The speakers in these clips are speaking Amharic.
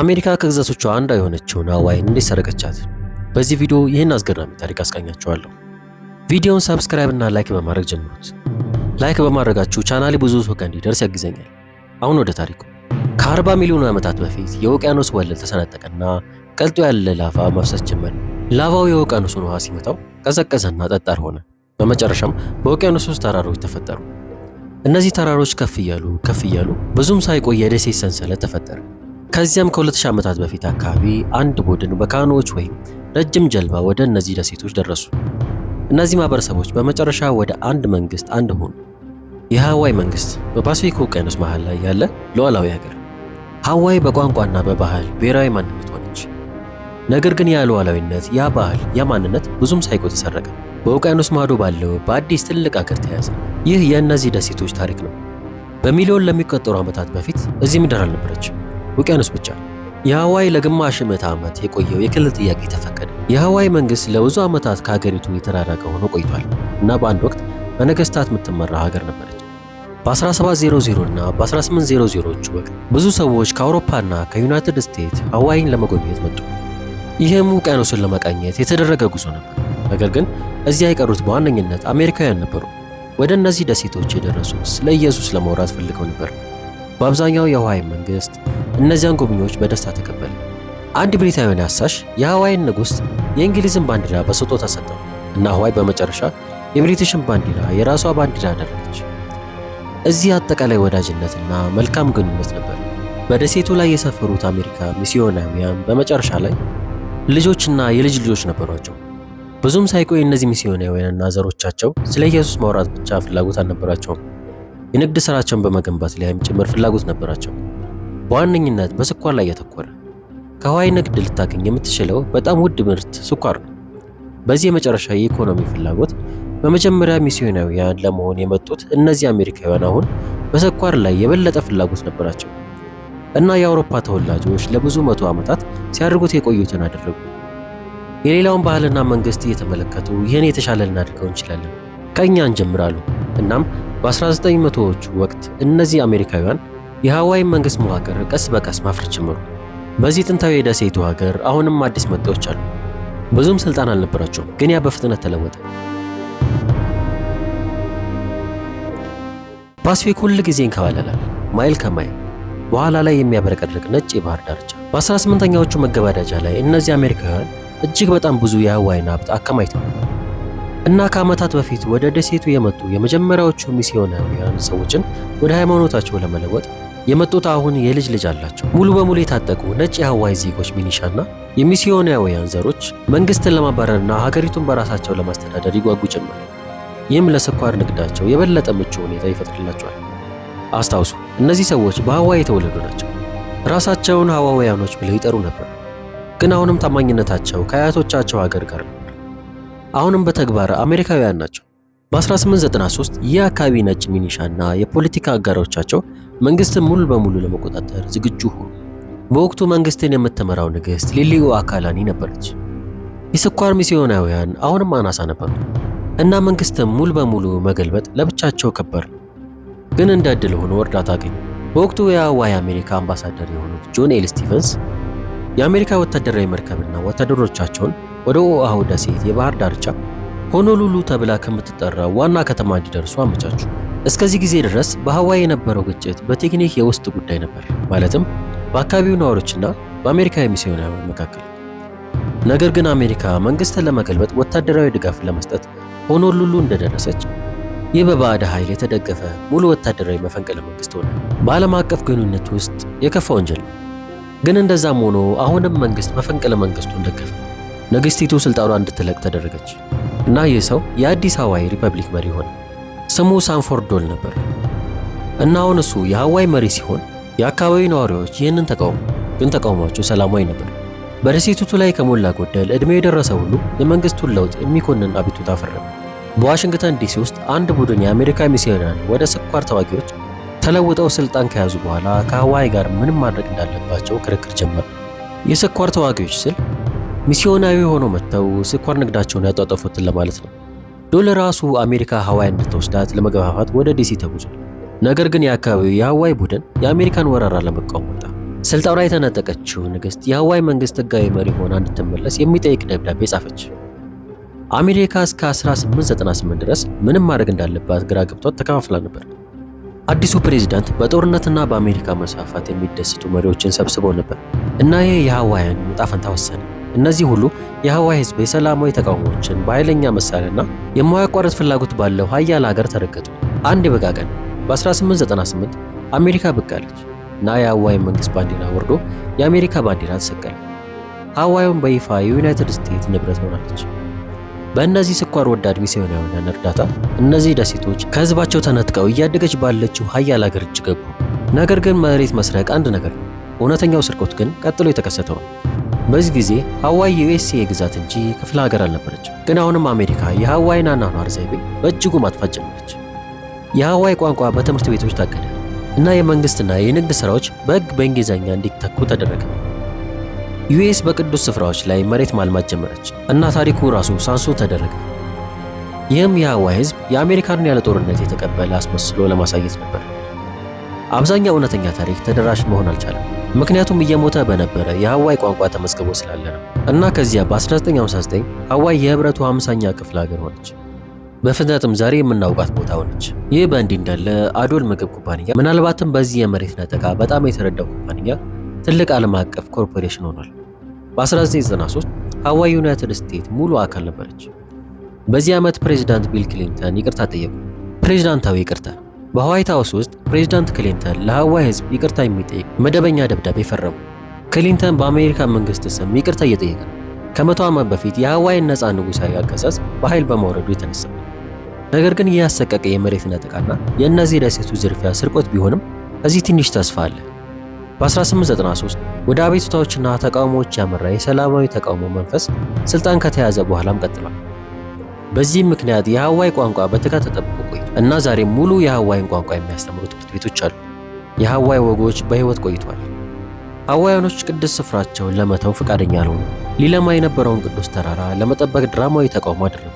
አሜሪካ ከግዛቶቿ አንዷ የሆነችውን ሀዋይን እንዴት ሰረቀቻት? በዚህ ቪዲዮ ይህን አስገራሚ ታሪክ አስቃኛችኋለሁ። ቪዲዮውን ሰብስክራይብ እና ላይክ በማድረግ ጀምሩት። ላይክ በማድረጋችሁ ቻናሌ ብዙ ሰው ጋር እንዲደርስ ያግዘኛል። አሁን ወደ ታሪኩ። ከ40 ሚሊዮን ዓመታት በፊት የውቅያኖስ ወለል ተሰነጠቀና ቀልጦ ያለ ላቫ መፍሰስ ጀመረ። ላቫው የውቅያኖሱን ውሃ ሲመታው ቀዘቀዘና ጠጣር ሆነ። በመጨረሻም በውቅያኖስ ውስጥ ተራሮች ተፈጠሩ። እነዚህ ተራሮች ከፍ እያሉ ከፍ እያሉ ብዙም ሳይቆይ የደሴት ሰንሰለት ተፈጠረ። ከዚያም ከ2000 ዓመታት በፊት አካባቢ አንድ ቡድን በካኖዎች ወይም ረጅም ጀልባ ወደ እነዚህ ደሴቶች ደረሱ። እነዚህ ማህበረሰቦች በመጨረሻ ወደ አንድ መንግስት አንድ ሆኑ። የሃዋይ መንግስት በፓስፊክ ውቅያኖስ መሃል ላይ ያለ ሉዓላዊ ሀገር። ሃዋይ በቋንቋና በባህል ብሔራዊ ማንነት ሆነች። ነገር ግን ያ ሉዓላዊነት፣ ያ ባህል፣ ያ ማንነት ብዙም ሳይቆይ ተሰረቀ። በውቅያኖስ ማዶ ባለው በአዲስ ትልቅ ሀገር ተያዘ። ይህ የእነዚህ ደሴቶች ታሪክ ነው። በሚሊዮን ለሚቆጠሩ ዓመታት በፊት እዚህ ምድር አልነበረችም። ውቅያኖስ ብቻ። የሐዋይ ለግማሽ ምዕተ ዓመት የቆየው የክልል ጥያቄ ተፈቀደ። የሐዋይ መንግሥት ለብዙ ዓመታት ከሀገሪቱ የተራረቀ ሆኖ ቆይቷል እና በአንድ ወቅት በነገሥታት የምትመራ ሀገር ነበረች። በ1700 እና በ1800ዎቹ ወቅት ብዙ ሰዎች ከአውሮፓና ከዩናይትድ ስቴትስ ሐዋይን ለመጎብኘት መጡ። ይህም ውቅያኖስን ለመቃኘት የተደረገ ጉዞ ነበር። ነገር ግን እዚያ የቀሩት በዋነኝነት አሜሪካውያን ነበሩ። ወደ እነዚህ ደሴቶች የደረሱት ስለ ኢየሱስ ለማውራት ፈልገው ነበር። በአብዛኛው የሐዋይ መንግስት እነዚያን ጎብኚዎች በደስታ ተቀበለ። አንድ ብሪታዊ አሳሽ የሐዋይን ንጉሥ የእንግሊዝን ባንዲራ በስጦታ ሰጠው እና ሐዋይ በመጨረሻ የብሪቲሽን ባንዲራ የራሷ ባንዲራ አደረገች። እዚህ አጠቃላይ ወዳጅነትና መልካም ግንኙነት ነበር። በደሴቱ ላይ የሰፈሩት አሜሪካ ሚስዮናውያን በመጨረሻ ላይ ልጆችና የልጅ ልጆች ነበሯቸው። ብዙም ሳይቆይ እነዚህ ሚስዮናውያንና ዘሮቻቸው ስለ ኢየሱስ ማውራት ብቻ ፍላጎት አልነበራቸውም። የንግድ ስራቸውን በመገንባት ላይም ጭምር ፍላጎት ነበራቸው። በዋነኝነት በስኳር ላይ ያተኮረ ከሀዋይ ንግድ ልታገኝ የምትችለው በጣም ውድ ምርት ስኳር ነው። በዚህ የመጨረሻ የኢኮኖሚ ፍላጎት በመጀመሪያ ሚስዮናውያን ለመሆን የመጡት እነዚህ አሜሪካውያን አሁን በስኳር ላይ የበለጠ ፍላጎት ነበራቸው እና የአውሮፓ ተወላጆች ለብዙ መቶ ዓመታት ሲያደርጉት የቆዩትን አደረጉ። የሌላውን ባህልና መንግስት እየተመለከቱ ይህን የተሻለ ልናደርገው እንችላለን፣ ከእኛ እንጀምራሉ። እናም በ1900ዎቹ ወቅት እነዚህ አሜሪካውያን የሃዋይን መንግሥት መዋቅር ቀስ በቀስ ማፍረስ ጀመሩ። በዚህ ጥንታዊ የደሴቱ ሀገር አሁንም አዲስ መጤዎች አሉ። ብዙም ሥልጣን አልነበራቸውም፣ ግን ያ በፍጥነት ተለወጠ። ፓስፊክ ሁል ጊዜ ይንከባለላል፣ ማይል ከማይል በኋላ ላይ የሚያብረቀርቅ ነጭ የባህር ዳርቻ። በ18ኛዎቹ መገባደጃ ላይ እነዚህ አሜሪካውያን እጅግ በጣም ብዙ የሃዋይን ሀብት አከማይተዋል። እና ከዓመታት በፊት ወደ ደሴቱ የመጡ የመጀመሪያዎቹ ሚስዮናውያን ሰዎችን ወደ ሃይማኖታቸው ለመለወጥ የመጡት አሁን የልጅ ልጅ አላቸው። ሙሉ በሙሉ የታጠቁ ነጭ የሐዋይ ዜጎች ሚኒሻና የሚስዮናውያን ዘሮች መንግስትን ለማባረርና ሀገሪቱን በራሳቸው ለማስተዳደር ይጓጉ ጭምር። ይህም ለስኳር ንግዳቸው የበለጠ ምቹ ሁኔታ ይፈጥርላቸዋል። አስታውሱ፣ እነዚህ ሰዎች በሐዋይ የተወለዱ ናቸው። ራሳቸውን ሐዋውያኖች ብለው ይጠሩ ነበር፣ ግን አሁንም ታማኝነታቸው ከአያቶቻቸው ሀገር ጋር ነው። አሁንም በተግባር አሜሪካውያን ናቸው። በ1893 አካባቢ ነጭ ሚኒሻና የፖለቲካ አጋሮቻቸው መንግስትን ሙሉ በሙሉ ለመቆጣጠር ዝግጁ ሆኑ። በወቅቱ መንግስትን የምትመራው ንግሥት ሊሊኡ አካላኒ ነበረች። የስኳር ሚስዮናውያን አሁንም አናሳ ነበሩ እና መንግስትን ሙሉ በሙሉ መገልበጥ ለብቻቸው ከበር ነው። ግን እንደ ዕድል ሆኖ እርዳታ አገኙ። በወቅቱ የአዋይ አሜሪካ አምባሳደር የሆኑት ጆን ኤል ስቲቨንስ የአሜሪካ ወታደራዊ መርከብና ወታደሮቻቸውን ወደ ኦአሁ ደሴት የባህር ዳርቻ ሆኖሉሉ ተብላ ከምትጠራው ዋና ከተማ እንዲደርሱ አመቻቹ። እስከዚህ ጊዜ ድረስ በሀዋይ የነበረው ግጭት በቴክኒክ የውስጥ ጉዳይ ነበር፣ ማለትም በአካባቢው ነዋሪዎችና በአሜሪካ የሚስዮናውያን መካከል። ነገር ግን አሜሪካ መንግስትን ለመገልበጥ ወታደራዊ ድጋፍ ለመስጠት ሆኖሉሉ እንደደረሰች ይህ በባዕድ ኃይል የተደገፈ ሙሉ ወታደራዊ መፈንቅለ መንግስት ሆነ። በዓለም አቀፍ ግንኙነት ውስጥ የከፋ ወንጀል ነው። ግን እንደዛም ሆኖ አሁንም መንግስት መፈንቅለ መንግስቱን ደገፈ። ነገስቲቱ ስልጣኗ እንድትለቅ ተደረገች እና ይህ ሰው የአዲስ አበባ ሪፐብሊክ መሪ ሆነ። ስሙ ሳንፎርድ ዶል ነበር እና አሁን እሱ የሀዋይ መሪ ሲሆን የአካባቢው ነዋሪዎች ይህንን ተቃውሞ ግን ተቃውሟቸው ሰላማዊ ነበር። በደሴቲቱ ላይ ከሞላ ጎደል ዕድሜው የደረሰ ሁሉ የመንግስቱን ለውጥ የሚኮንን አቤቱታ አፈረመ። በዋሽንግተን ዲሲ ውስጥ አንድ ቡድን የአሜሪካ ሚስዮናን ወደ ስኳር ተዋጊዎች ተለውጠው ስልጣን ከያዙ በኋላ ከሀዋይ ጋር ምንም ማድረግ እንዳለባቸው ክርክር ጀመረ። የስኳር ተዋጊዎች ስል ሚስዮናዊ ሆነው መጥተው ስኳር ንግዳቸውን ያጧጠፉትን ለማለት ነው። ዶል ራሱ አሜሪካ ሀዋይ እንድትወስዳት ለመገፋፋት ወደ ዲሲ ተጉዟል። ነገር ግን የአካባቢው የሀዋይ ቡድን የአሜሪካን ወረራ ለመቃወም ወጣ። ስልጣኗ የተነጠቀችው ንግሥት የሀዋይ መንግሥት ሕጋዊ መሪ ሆና እንድትመለስ የሚጠይቅ ደብዳቤ ጻፈች። አሜሪካ እስከ 1898 ድረስ ምንም ማድረግ እንዳለባት ግራ ገብቷት ተከፋፍላ ነበር። አዲሱ ፕሬዚዳንት በጦርነትና በአሜሪካ መስፋፋት የሚደሰቱ መሪዎችን ሰብስበው ነበር እና ይህ የሀዋይን ዕጣ ፈንታ ወሰነ። እነዚህ ሁሉ የሀዋይ ህዝብ የሰላማዊ ተቃውሞዎችን በኃይለኛ መሳሪያና የማያቋርጥ ፍላጎት ባለው ሀያል ሀገር ተረገጡ። አንድ የበጋ ቀን በ1898 አሜሪካ ብቅ አለች እና የሀዋይ መንግሥት ባንዲራ ወርዶ የአሜሪካ ባንዲራ ተሰቀለ። ሀዋይን በይፋ የዩናይትድ ስቴትስ ንብረት ሆናለች። በእነዚህ ስኳር ወዳድ ሚስዮናውያን እርዳታ እነዚህ ደሴቶች ከህዝባቸው ተነጥቀው እያደገች ባለችው ሀያል ሀገር እጅ ገቡ። ነገር ግን መሬት መስረቅ አንድ ነገር ነው። እውነተኛው ስርቆት ግን ቀጥሎ የተከሰተው ነው። በዚህ ጊዜ ሀዋይ የዩኤስኤ ግዛት እንጂ ክፍለ ሀገር አልነበረችም። ግን አሁንም አሜሪካ የሀዋይን አኗኗር ዘይቤ በእጅጉ ማጥፋት ጀመረች። የሀዋይ ቋንቋ በትምህርት ቤቶች ታገደ እና የመንግስትና የንግድ ስራዎች በሕግ በእንግሊዝኛ እንዲተኩ ተደረገ። ዩኤስ በቅዱስ ስፍራዎች ላይ መሬት ማልማት ጀመረች እና ታሪኩ ራሱ ሳንሱ ተደረገ። ይህም የሀዋይ ህዝብ የአሜሪካን ያለ ጦርነት የተቀበለ አስመስሎ ለማሳየት ነበር። አብዛኛው እውነተኛ ታሪክ ተደራሽ መሆን አልቻለም። ምክንያቱም እየሞተ በነበረ የሀዋይ ቋንቋ ተመዝግቦ ስላለ ነው እና ከዚያ በ1959 ሀዋይ የህብረቱ 50ኛ ክፍለ ሀገር ሆነች። በፍጥነትም ዛሬ የምናውቃት ቦታ ሆነች። ይህ በእንዲህ እንዳለ አዶል ምግብ ኩባንያ ምናልባትም በዚህ የመሬት ነጠቃ በጣም የተረዳው ኩባንያ ትልቅ ዓለም አቀፍ ኮርፖሬሽን ሆኗል። በ1993 ሀዋይ ዩናይትድ ስቴትስ ሙሉ አካል ነበረች። በዚህ ዓመት ፕሬዚዳንት ቢል ክሊንተን ይቅርታ ጠየቁ። ፕሬዚዳንታዊ ይቅርታ በዋይት ሀውስ ውስጥ ፕሬዚዳንት ክሊንተን ለሀዋይ ህዝብ ይቅርታ የሚጠይቅ መደበኛ ደብዳቤ ፈረሙ። ክሊንተን በአሜሪካ መንግስት ስም ይቅርታ እየጠየቀ ነው። ከመቶ ዓመት በፊት የሀዋይን ነፃ ንጉሳዊ አገዛዝ በኃይል በማውረዱ የተነሳ ነገር ግን እያሰቀቀ ያሰቀቀ የመሬት ነጠቃና የእነዚህ ደሴቶች ዝርፊያ ስርቆት ቢሆንም እዚህ ትንሽ ተስፋ አለ። በ1893 ወደ አቤቱታዎችና ተቃውሞዎች ያመራ የሰላማዊ ተቃውሞ መንፈስ ስልጣን ከተያዘ በኋላም ቀጥሏል። በዚህም ምክንያት የሀዋይ ቋንቋ በትጋት ተጠብቆ እና ዛሬ ሙሉ የሐዋይን ቋንቋ የሚያስተምሩ ትምህርት ቤቶች አሉ። የሐዋይ ወጎች በሕይወት ቆይቷል። ሐዋያኖች ቅዱስ ስፍራቸውን ለመተው ፈቃደኛ አልሆኑ። ሊለማ የነበረውን ቅዱስ ተራራ ለመጠበቅ ድራማዊ ተቃውሞ አደረጉ።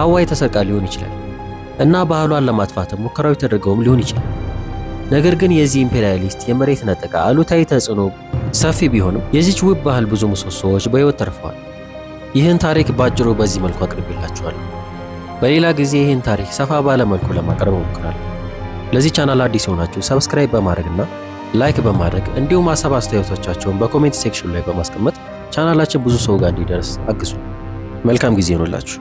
ሐዋይ ተሰርቃ ሊሆን ይችላል እና ባህሏን ለማጥፋት ሙከራዊ ተደርገውም ሊሆን ይችላል። ነገር ግን የዚህ ኢምፔሪያሊስት የመሬት ነጠቃ አሉታዊ ተጽዕኖ ሰፊ ቢሆንም የዚች ውብ ባህል ብዙ ምሰሶዎች በሕይወት ተርፈዋል። ይህን ታሪክ በአጭሩ በዚህ መልኩ አቅርቤላችኋለሁ። በሌላ ጊዜ ይህን ታሪክ ሰፋ ባለመልኩ ለማቅረብ እሞክራለሁ። ለዚህ ቻናል አዲስ የሆናችሁ ሰብስክራይብ በማድረግና ላይክ በማድረግ እንዲሁም ሀሳብ አስተያየቶቻቸውን በኮሜንት ሴክሽን ላይ በማስቀመጥ ቻናላችን ብዙ ሰው ጋር እንዲደርስ አግዙ። መልካም ጊዜ ይሆንላችሁ።